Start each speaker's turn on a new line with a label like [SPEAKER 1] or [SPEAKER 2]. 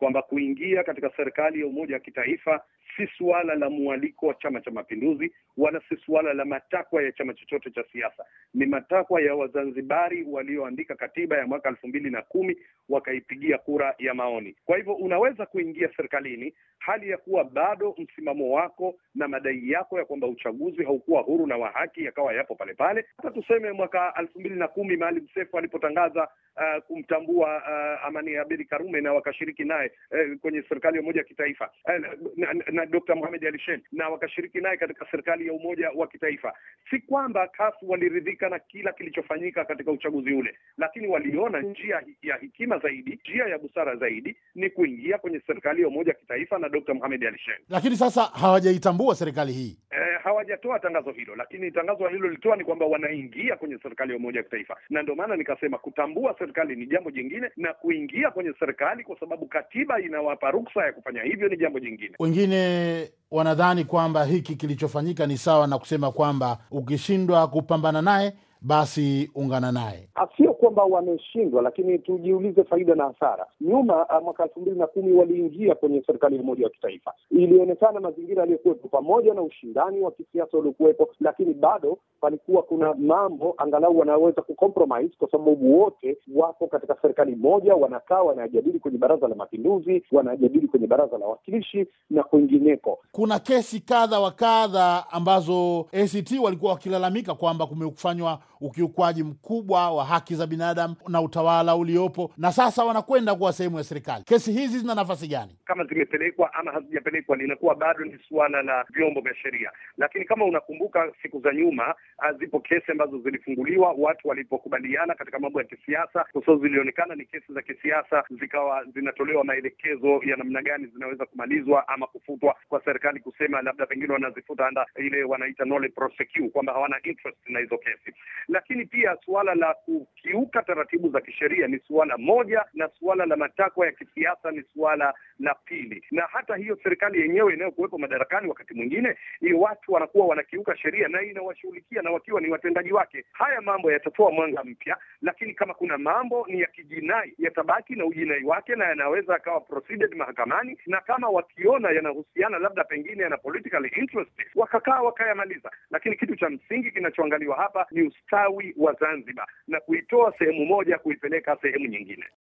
[SPEAKER 1] kwamba kuingia katika serikali ya umoja wa kitaifa si suala la mwaliko wa Chama cha Mapinduzi wala si suala la matakwa ya chama chochote cha siasa. Ni matakwa ya Wazanzibari walioandika katiba ya mwaka elfu mbili na kumi wakaipigia kura ya maoni. Kwa hivyo unaweza kuingia serikalini hali ya kuwa bado msimamo wako na madai yako ya kwamba uchaguzi haukuwa huru na wa haki yakawa yapo pale pale. Hata tuseme mwaka elfu mbili na kumi Maalim Seif alipotangaza uh, kumtambua uh, Amani Abedi Karume na wakashiriki naye eh, kwenye serikali ya umoja wa kitaifa eh, na, na, na Dr. Mohamed Ali Shein na wakashiriki naye katika serikali ya umoja wa kitaifa. Si kwamba CUF waliridhika na kila kilichofanyika katika uchaguzi ule, lakini waliona njia ya hikima zaidi, njia ya busara zaidi ni kuingia kwenye serikali ya umoja wa kitaifa na Dr. Mohamed Ali Shein.
[SPEAKER 2] Lakini sasa hawajaitambua serikali hii
[SPEAKER 1] eh, hawajatoa tangazo hilo, lakini tangazo lililolitoa ni kwamba wanaingia kwenye serikali ya umoja wa kitaifa, na ndio maana nikasema kutambua serikali ni jambo jingine na kuingia kwenye serikali, kwa sababu kati katiba inawapa ruksa ya kufanya hivyo, ni jambo jingine.
[SPEAKER 2] Wengine wanadhani kwamba hiki kilichofanyika ni sawa na kusema kwamba ukishindwa kupambana naye basi ungana naye
[SPEAKER 1] kwamba wameshindwa, lakini tujiulize faida na hasara. Nyuma ah, mwaka elfu mbili na kumi waliingia kwenye serikali ya umoja wa kitaifa, ilionekana mazingira yaliyokuwepo, pamoja na ushindani wa kisiasa uliokuwepo, lakini bado palikuwa kuna mambo angalau wanaweza kucompromise, kwa sababu wote wapo katika serikali moja, wanakaa wanajadili kwenye baraza la mapinduzi, wanajadili kwenye baraza la wawakilishi na kwingineko.
[SPEAKER 2] Kuna kesi kadha wa kadha ambazo ACT walikuwa wakilalamika kwamba kumefanywa ukiukwaji mkubwa wa haki za binadamu na utawala uliopo, na sasa wanakwenda kuwa sehemu ya serikali. Kesi hizi zina nafasi gani?
[SPEAKER 1] Kama zimepelekwa ama hazijapelekwa, linakuwa bado ni suala la vyombo vya sheria. Lakini kama unakumbuka, siku za nyuma ah, zipo kesi ambazo zilifunguliwa watu walipokubaliana katika mambo ya kisiasa, kwa sababu zilionekana ni kesi za kisiasa, zikawa zinatolewa maelekezo ya namna gani zinaweza kumalizwa ama kufutwa, kwa serikali kusema labda pengine wanazifuta anda ile wanaita nolle prosequi, kwamba hawana interest na hizo kesi. Lakini pia suala la kukiu kukiuka taratibu za kisheria ni suala moja, na suala la matakwa ya kisiasa ni suala la pili. Na hata hiyo serikali yenyewe inayokuwepo madarakani, wakati mwingine ni watu wanakuwa wanakiuka sheria na inawashughulikia, na wakiwa ni watendaji wake. Haya mambo yatatoa mwanga mpya, lakini kama kuna mambo ni ya kijinai, yatabaki na ujinai wake na yanaweza akawa proceeded mahakamani, na kama wakiona yanahusiana labda pengine yana political interest, wakakaa wakayamaliza. Lakini kitu cha msingi kinachoangaliwa hapa ni ustawi wa Zanzibar na kuitoa sehemu moja kuipeleka sehemu nyingine.